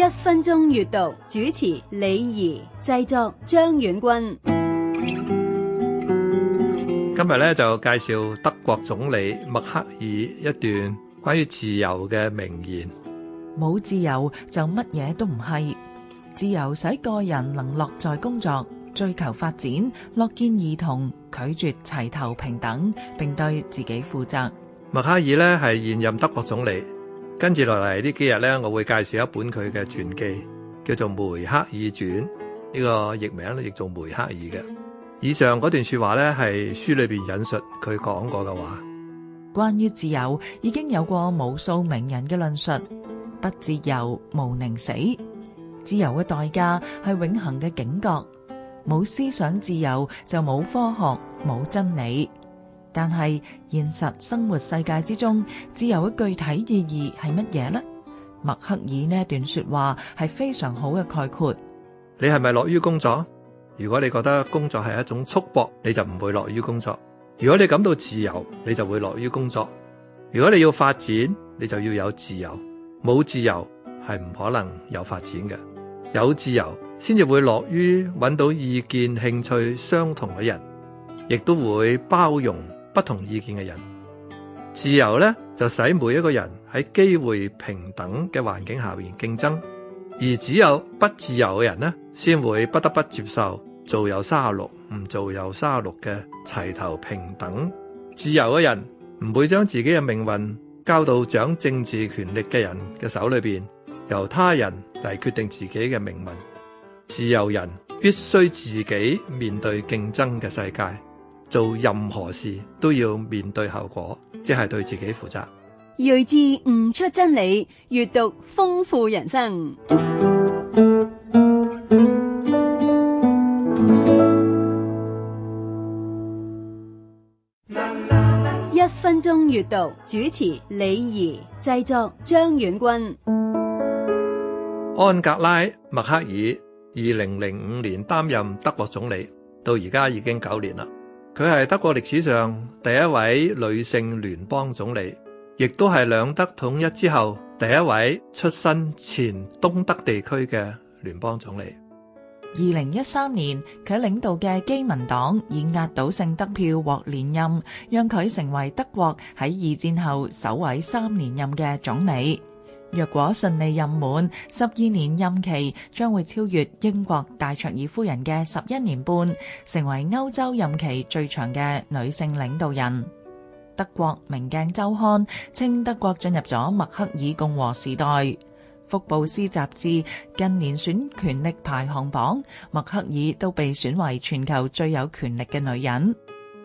一分鐘閱讀，主持李怡，製作張遠君。今日咧就介紹德國總理默克爾一段關於自由嘅名言：冇自由就乜嘢都唔係，自由使個人能樂在工作、追求發展、樂見兒童、拒絕齊頭平等，並對自己負責。默克爾呢係現任德國總理。跟住落嚟呢幾日呢，我會介紹一本佢嘅傳記，叫做《梅克爾傳》，呢、這個譯名亦做《梅克爾》嘅。以上嗰段說話呢，係書裏邊引述佢講過嘅話。關於自由，已經有過無數名人嘅論述。不自由，無寧死。自由嘅代價係永恆嘅警覺。冇思想自由，就冇科學，冇真理。但係現實生活世界之中，自由嘅具體意義係乜嘢呢？默克爾呢段說話係非常好嘅概括。你係咪樂於工作？如果你覺得工作係一種束縛，你就唔會樂於工作。如果你感到自由，你就會樂於工作。如果你要發展，你就要有自由。冇自由係唔可能有發展嘅。有自由先至會樂於揾到意見、興趣相同嘅人，亦都會包容不同意見嘅人，自由咧就使每一個人喺機會平等嘅環境下面競爭，而只有不自由嘅人呢，先會不得不接受做又卅六唔做又卅六嘅齊頭平等。自由嘅人唔會將自己嘅命運交到掌政治權力嘅人嘅手裏邊，由他人嚟，決定自己嘅命運。自由人必須自己面對競爭嘅世界。做任何事都要面對後果，即係對自己負責。睿智悟出真理，閱讀豐富人生。一分鐘閱讀，主持李儀，製作張遠軍。安格拉默克爾二零零五年擔任德國總理，到而家已經九年啦。佢係德國歷史上第一位女性聯邦總理，亦都係兩德統一之後第一位出身前東德地區嘅聯邦總理。二零一三年，佢領導嘅基民黨以壓倒性得票獲連任，讓佢成為德國喺二戰後首位三連任嘅總理。若果順利任滿，十二年任期將會超越英國戴卓爾夫人嘅十一年半，成為歐洲任期最長嘅女性領導人。德國《明鏡周刊》稱德國進入咗默克爾共和時代。福布斯雜誌近年選權力排行榜，默克爾都被選為全球最有權力嘅女人。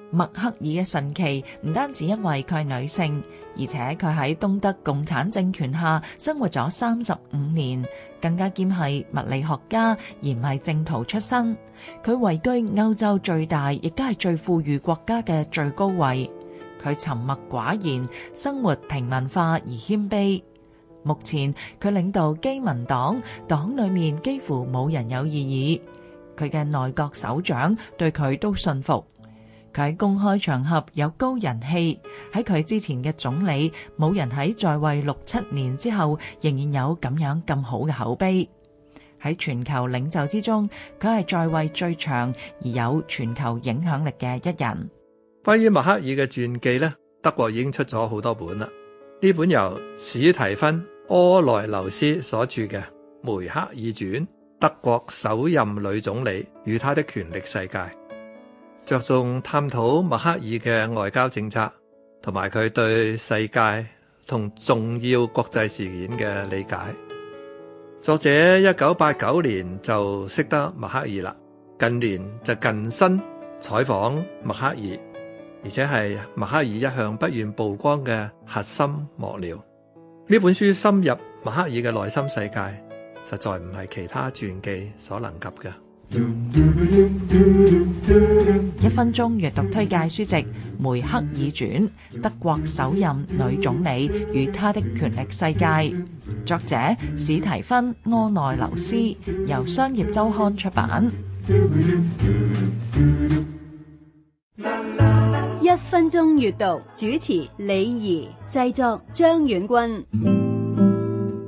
默克爾嘅神奇唔單止因為佢係女性。而且佢喺東德共產政權下生活咗三十五年，更加兼係物理學家而唔係正途出身。佢位居歐洲最大亦都係最富裕國家嘅最高位。佢沉默寡言，生活平民化而謙卑。目前佢領導基民黨，黨裏面幾乎冇人有異議。佢嘅內閣首長對佢都信服。佢喺公開場合有高人氣，喺佢之前嘅總理，冇人喺在位六七年之後仍然有咁樣咁好嘅口碑。喺全球領袖之中，佢係在位最長而有全球影響力嘅一人。關於默克爾嘅傳記呢，德國已經出咗好多本啦。呢本由史提芬柯奈留斯所著嘅《梅克爾傳》，德國首任女總理與她的權力世界。着重探討默克爾嘅外交政策同埋佢對世界同重要國際事件嘅理解。作者一九八九年就識得默克爾啦，近年就近身採訪默克爾，而且係默克爾一向不願曝光嘅核心幕僚。呢本書深入默克爾嘅內心世界，實在唔係其他傳記所能及嘅。一分鐘閱讀推介書籍《梅克爾傳：德國首任女總理與她的權力世界》，作者史提芬·柯內留斯，由商業周刊出版。一分鐘閱讀主持李怡，製作張遠軍。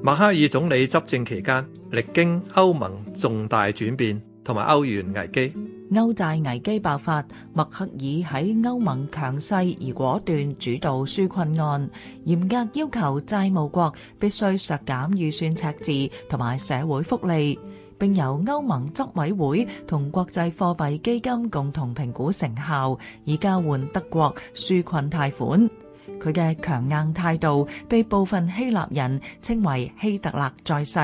默克爾總理執政期間，歷經歐盟重大轉變。同埋歐元危機，歐債危機爆發。默克爾喺歐盟強勢而果斷，主導紓困案，嚴格要求債務國必須削減預算赤字同埋社會福利。並由歐盟執委會同國際貨幣基金共同評估成效，以交換德國紓困貸款。佢嘅強硬態度被部分希臘人稱為希特勒在世，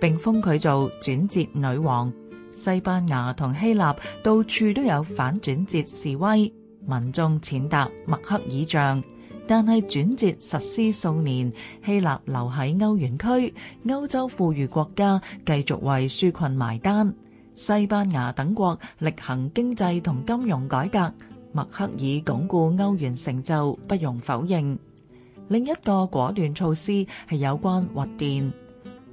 並封佢做轉節女王。西班牙同希臘到處都有反轉折示威，民眾踐踏默克爾像。但係轉折實施數年，希臘留喺歐元區，歐洲富裕國家繼續為紓困埋單，西班牙等國力行經濟同金融改革，默克爾鞏固歐元成就不容否認。另一個果斷措施係有關核電。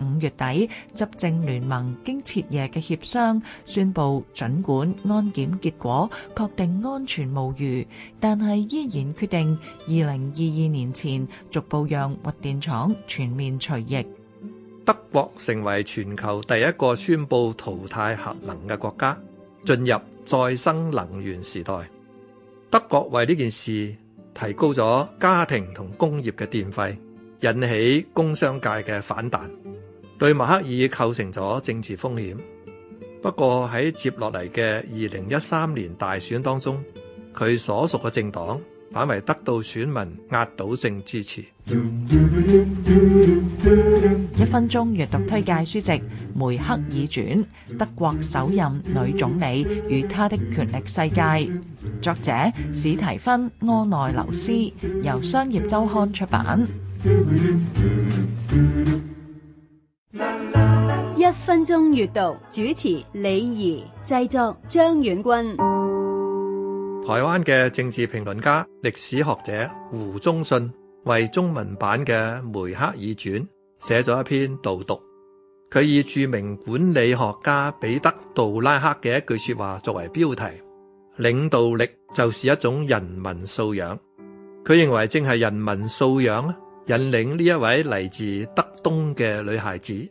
五月底，執政聯盟經徹夜嘅協商，宣布儘管安檢結果，確定安全無虞，但係依然決定二零二二年前逐步讓核電廠全面除役。德國成為全球第一個宣布淘汰核能嘅國家，進入再生能源時代。德國為呢件事提高咗家庭同工業嘅電費，引起工商界嘅反彈。對默克爾構成咗政治風險，不過喺接落嚟嘅二零一三年大選當中，佢所屬嘅政黨反為得到選民壓倒性支持。一分鐘閱讀推介書籍《梅克爾傳：德國首任女總理與她的權力世界》，作者史提芬·柯內留斯，由商業週刊出版。一分鐘閱讀主持李儀，製作張遠君。台灣嘅政治評論家、歷史學者胡忠信為中文版嘅《梅克爾傳》寫咗一篇導讀。佢以著名管理學家彼得·杜拉克嘅一句說話作為標題：領導力就是一種人文素養。佢認為正係人文素養引領呢一位嚟自德東嘅女孩子。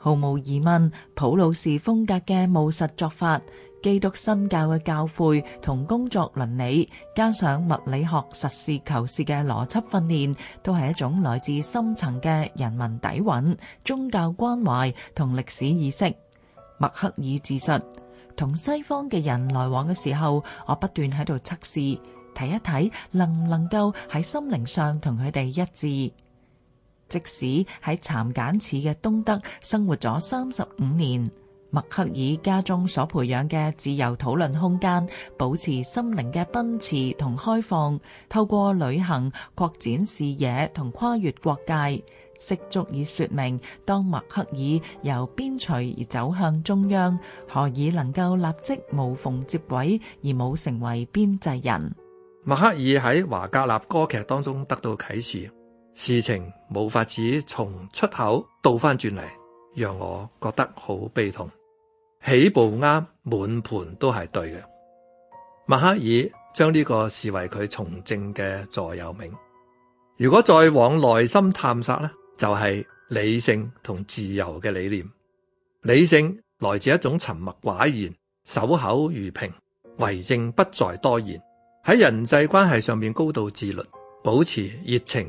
毫無疑問，普魯士風格嘅務實作法、基督新教嘅教誨同工作倫理，加上物理學實事求是嘅邏輯訓練，都係一種來自深層嘅人民底蘊、宗教關懷同歷史意識。默克爾自述：同西方嘅人來往嘅時候，我不斷喺度測試，睇一睇能唔能夠喺心靈上同佢哋一致。即使喺蠶繭似嘅東德生活咗三十五年，默克爾家中所培養嘅自由討論空間，保持心靈嘅奔馳同開放，透過旅行擴展視野同跨越國界，適足以說明當默克爾由邊陲而走向中央，何以能夠立即無縫接軌而冇成為邊際人？默克爾喺華格納歌劇當中得到啟示。事情冇法子從出口倒翻轉嚟，讓我覺得好悲痛。起步啱，滿盤都係對嘅。默克爾將呢個視為佢從政嘅座右銘。如果再往內心探索咧，就係、是、理性同自由嘅理念。理性來自一種沉默寡言、守口如瓶、為政不在多言，喺人際關係上面高度自律，保持熱情。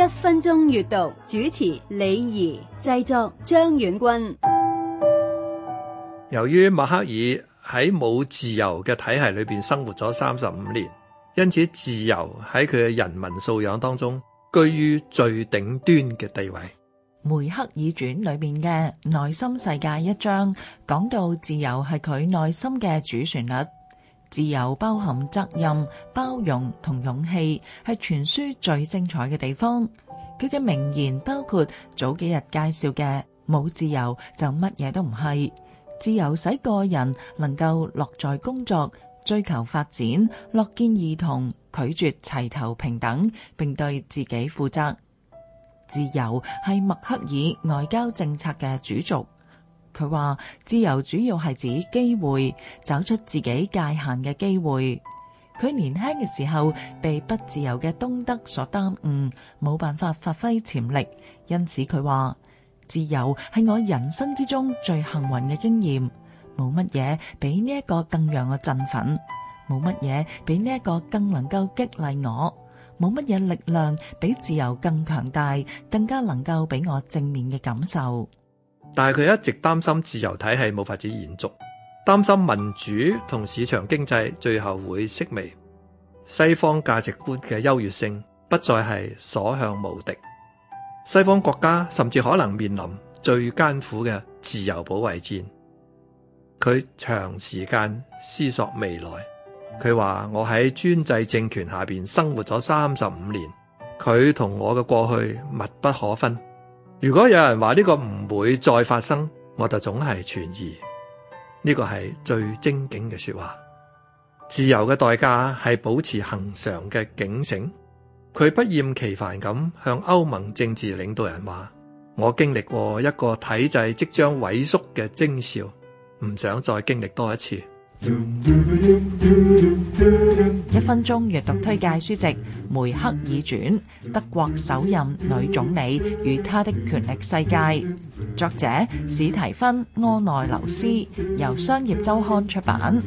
一分鐘閱讀，主持李儀，製作張遠君。由於默克爾喺冇自由嘅體系裏邊生活咗三十五年，因此自由喺佢嘅人民素養當中居於最頂端嘅地位。梅克爾傳裡面嘅內心世界一章講到，自由係佢內心嘅主旋律。自由包含責任、包容同勇氣，係全書最精彩嘅地方。佢嘅名言包括早幾日介紹嘅：冇自由就乜嘢都唔係。自由使個人能夠樂在工作、追求發展、樂見異同、拒絕齊頭平等，並對自己負責。自由係默克爾外交政策嘅主軸。佢話自由主要係指機會，找出自己界限嘅機會。佢年輕嘅時候被不自由嘅東德所耽誤，冇辦法發揮潛力。因此佢話自由係我人生之中最幸運嘅經驗，冇乜嘢比呢一個更讓我振奮，冇乜嘢比呢一個更能夠激勵我，冇乜嘢力量比自由更強大，更加能夠俾我正面嘅感受。但係佢一直擔心自由體系冇法子延續，擔心民主同市場經濟最後會式微，西方價值觀嘅優越性不再係所向無敵，西方國家甚至可能面臨最艱苦嘅自由保衛戰。佢長時間思索未來，佢話：我喺專制政權下邊生活咗三十五年，佢同我嘅過去密不可分。如果有人話呢個唔會再發生，我就總係存疑。呢個係最精警嘅說話。自由嘅代價係保持恒常嘅警醒。佢不厭其煩咁向歐盟政治領導人話：「我經歷過一個體制即將萎縮嘅徵兆，唔想再經歷多一次。一分鐘閱讀推介書籍《梅克爾傳：德國首任女總理與她的權力世界》，作者史提芬·柯內留斯，由商業周刊出版。